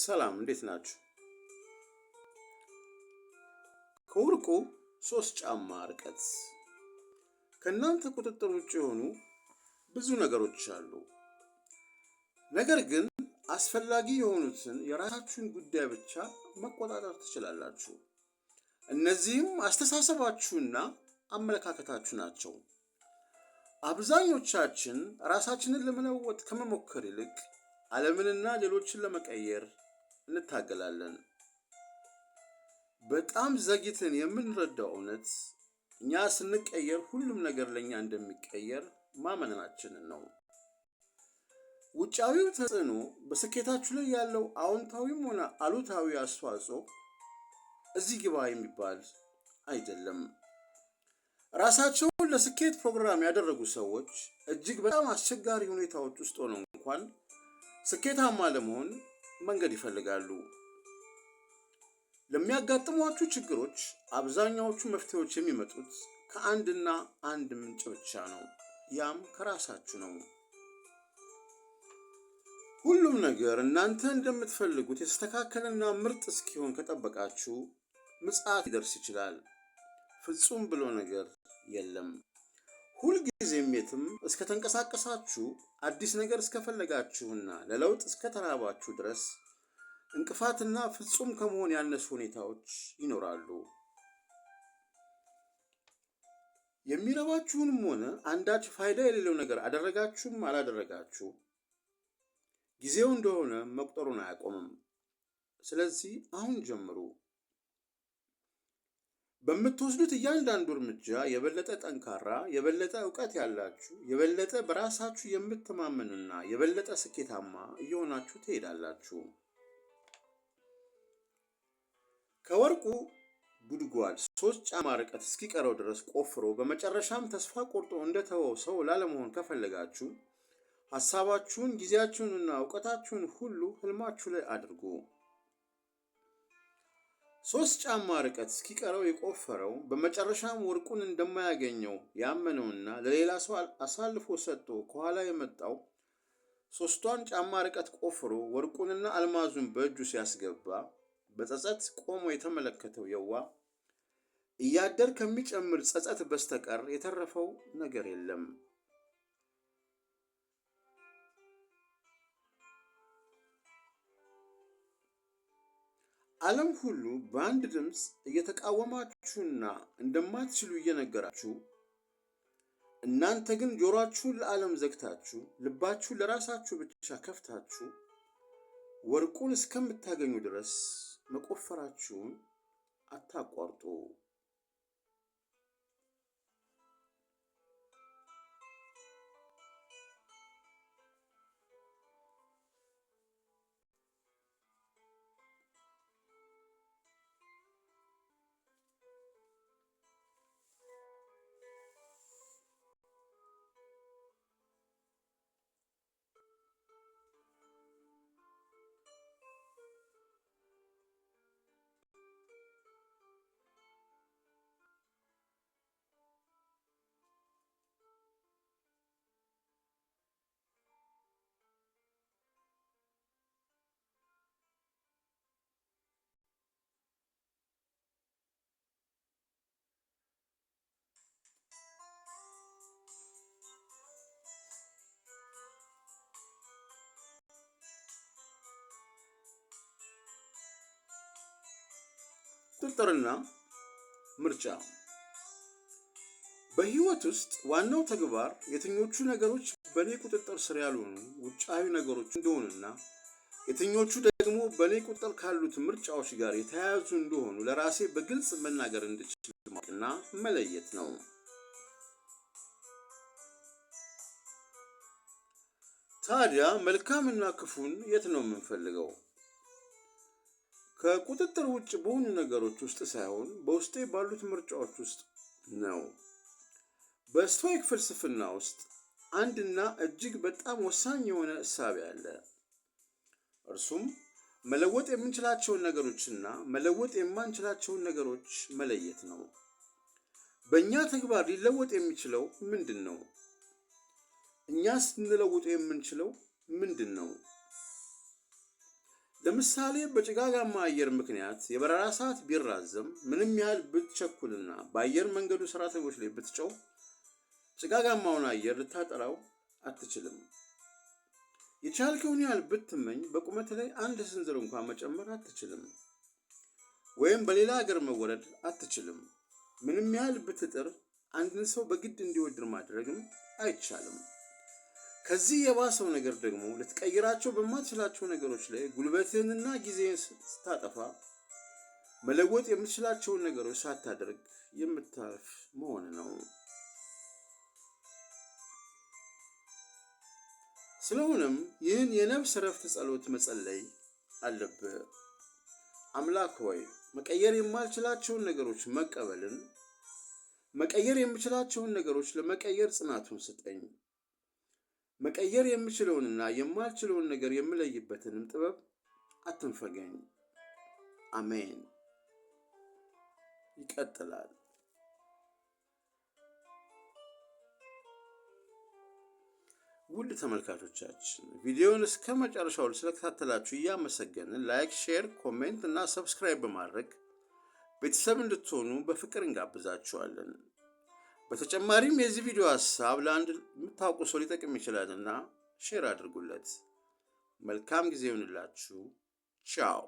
ሰላም እንዴት ናችሁ? ከወርቁ ሶስት ጫማ ርቀት ከእናንተ ቁጥጥር ውጭ የሆኑ ብዙ ነገሮች አሉ። ነገር ግን አስፈላጊ የሆኑትን የራሳችሁን ጉዳይ ብቻ መቆጣጠር ትችላላችሁ። እነዚህም አስተሳሰባችሁና አመለካከታችሁ ናቸው። አብዛኞቻችን ራሳችንን ለመለወጥ ከመሞከር ይልቅ ዓለምንና ሌሎችን ለመቀየር እንታገላለን። በጣም ዘግይተን የምንረዳው እውነት እኛ ስንቀየር ሁሉም ነገር ለእኛ እንደሚቀየር ማመናችንን ነው። ውጫዊው ተጽዕኖ በስኬታችሁ ላይ ያለው አዎንታዊም ሆነ አሉታዊ አስተዋጽኦ እዚህ ግባ የሚባል አይደለም። ራሳቸውን ለስኬት ፕሮግራም ያደረጉ ሰዎች እጅግ በጣም አስቸጋሪ ሁኔታዎች ውስጥ ሆነው እንኳን ስኬታማ ለመሆን መንገድ ይፈልጋሉ። ለሚያጋጥሟችሁ ችግሮች አብዛኛዎቹ መፍትሄዎች የሚመጡት ከአንድና አንድ ምንጭ ብቻ ነው። ያም ከራሳችሁ ነው። ሁሉም ነገር እናንተ እንደምትፈልጉት የተስተካከለና ምርጥ እስኪሆን ከጠበቃችሁ ምጽት ሊደርስ ይችላል። ፍጹም ብሎ ነገር የለም። ሁልጊዜም የትም እስከተንቀሳቀሳችሁ አዲስ ነገር እስከፈለጋችሁና ለለውጥ እስከተራባችሁ ድረስ እንቅፋትና ፍጹም ከመሆን ያነሱ ሁኔታዎች ይኖራሉ። የሚረባችሁንም ሆነ አንዳች ፋይዳ የሌለው ነገር አደረጋችሁም አላደረጋችሁ ጊዜው እንደሆነ መቁጠሩን አያቆምም። ስለዚህ አሁን ጀምሩ። በምትወስዱት እያንዳንዱ እርምጃ የበለጠ ጠንካራ፣ የበለጠ እውቀት ያላችሁ፣ የበለጠ በራሳችሁ የምትማመንና የበለጠ ስኬታማ እየሆናችሁ ትሄዳላችሁ። ከወርቁ ጉድጓድ ሶስት ጫማ ርቀት እስኪቀረው ድረስ ቆፍሮ በመጨረሻም ተስፋ ቆርጦ እንደተወው ሰው ላለመሆን ከፈለጋችሁ ሀሳባችሁን ጊዜያችሁንና እውቀታችሁን ሁሉ ህልማችሁ ላይ አድርጉ። ሶስት ጫማ ርቀት እስኪቀረው የቆፈረው በመጨረሻም ወርቁን እንደማያገኘው ያመነውና ለሌላ ሰው አሳልፎ ሰጥቶ ከኋላ የመጣው ሶስቷን ጫማ ርቀት ቆፍሮ ወርቁንና አልማዙን በእጁ ሲያስገባ በጸጸት ቆሞ የተመለከተው የዋ እያደር ከሚጨምር ጸጸት በስተቀር የተረፈው ነገር የለም። ዓለም ሁሉ በአንድ ድምፅ እየተቃወማችሁና እንደማትችሉ እየነገራችሁ እናንተ ግን ጆሮአችሁን ለዓለም ዘግታችሁ ልባችሁ ለራሳችሁ ብቻ ከፍታችሁ ወርቁን እስከምታገኙ ድረስ መቆፈራችሁን አታቋርጡ። ቁጥጥርና ምርጫ በህይወት ውስጥ ዋናው ተግባር የትኞቹ ነገሮች በእኔ ቁጥጥር ስር ያልሆኑ ውጫዊ ነገሮች እንደሆኑና የትኞቹ ደግሞ በእኔ ቁጥጥር ካሉት ምርጫዎች ጋር የተያያዙ እንደሆኑ ለራሴ በግልጽ መናገር እንድችል ማወቅና መለየት ነው። ታዲያ መልካምና ክፉን የት ነው የምንፈልገው? ከቁጥጥር ውጭ በሆኑ ነገሮች ውስጥ ሳይሆን በውስጤ ባሉት ምርጫዎች ውስጥ ነው። በስቶይክ ፍልስፍና ውስጥ አንድና እጅግ በጣም ወሳኝ የሆነ እሳቤ አለ። እርሱም መለወጥ የምንችላቸውን ነገሮችና መለወጥ የማንችላቸውን ነገሮች መለየት ነው። በእኛ ተግባር ሊለወጥ የሚችለው ምንድን ነው? እኛ ስንለውጡ የምንችለው ምንድን ነው? ለምሳሌ በጭጋጋማ አየር ምክንያት የበረራ ሰዓት ቢራዘም ምንም ያህል ብትቸኩልና በአየር መንገዱ ሰራተኞች ላይ ብትጨው ጭጋጋማውን አየር ልታጠራው አትችልም። የቻልከውን ያህል ብትመኝ በቁመት ላይ አንድ ስንዝር እንኳን መጨመር አትችልም፣ ወይም በሌላ ሀገር መወረድ አትችልም። ምንም ያህል ብትጥር አንድን ሰው በግድ እንዲወድር ማድረግም አይቻልም። ከዚህ የባሰው ነገር ደግሞ ልትቀይራቸው በማትችላቸው ነገሮች ላይ ጉልበትህንና ጊዜህን ስታጠፋ መለወጥ የምትችላቸውን ነገሮች ሳታደርግ የምታርፍ መሆን ነው። ስለሆነም ይህን የነፍስ ረፍት ጸሎት መጸለይ አለብህ። አምላክ ሆይ መቀየር የማልችላቸውን ነገሮች መቀበልን፣ መቀየር የምችላቸውን ነገሮች ለመቀየር ጽናቱን ስጠኝ። መቀየር የምችለውንና የማልችለውን ነገር የምለይበትንም ጥበብ አትንፈገኝ። አሜን። ይቀጥላል። ውድ ተመልካቾቻችን ቪዲዮውን እስከ መጨረሻው ስለከታተላችሁ እያመሰገንን ላይክ፣ ሼር፣ ኮሜንት እና ሰብስክራይብ በማድረግ ቤተሰብ እንድትሆኑ በፍቅር እንጋብዛችኋለን። በተጨማሪም የዚህ ቪዲዮ ሀሳብ ለአንድ የምታውቁ ሰው ሊጠቅም ይችላልና ሼር አድርጉለት። መልካም ጊዜ ይሁንላችሁ። ቻው